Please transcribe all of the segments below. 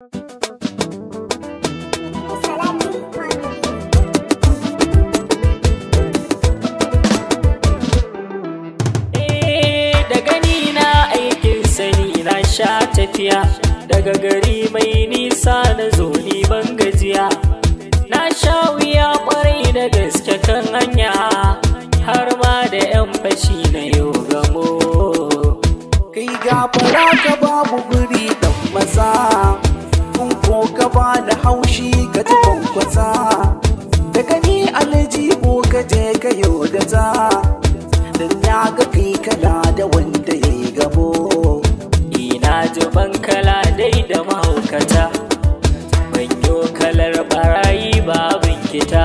Eh, sha tafiya daga gari mai nisa na zoni ban gajiya na sha wuya kwarai da gaske kan hanya ido da za na ga da wanda ya yi gabo ina jiban kala dai da mahaukata banyo kalar barayi babin kita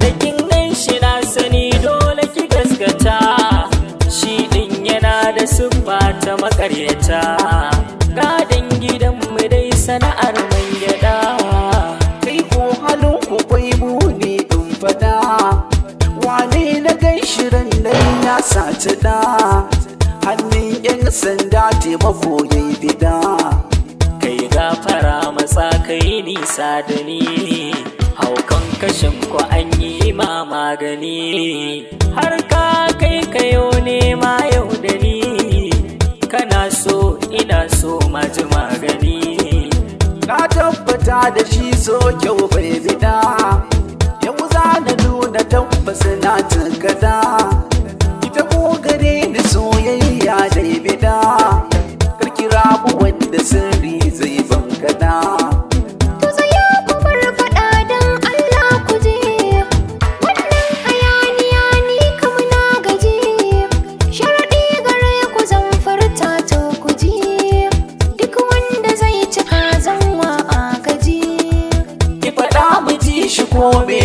da nan shi na sani dole ki gaskata shi din yana da siffa ta makaryata gidan mu dai sana'ar mu wane na gan shirin nan ya saci da hannun yan sanda taimako ya yi bida kai gafara matsa kai nisa da ni haukan kashin ku an yi ma magani har ka kai kayo nema yau da ni kana so ina so ma ji magani na tabbata da shi so kyau bai bida yau za na da tabbas na tukada ita ko gare ni soyayya dai bida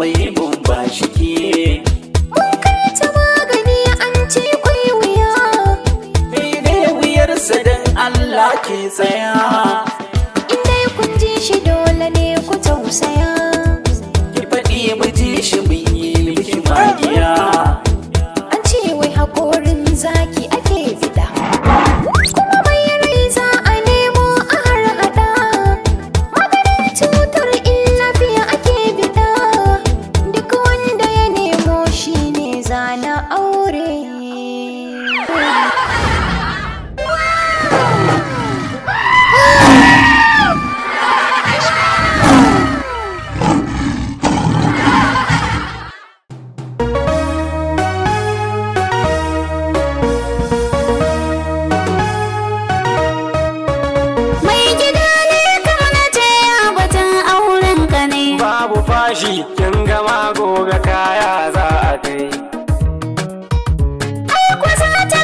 mai bomba shiki Mun kai ta magani an ce kwai wuya Daidai wuyarsa don Allah ke tsaya In dai kun ji shi dole ne ku tausaya fashi kin gama goga kaya za a kai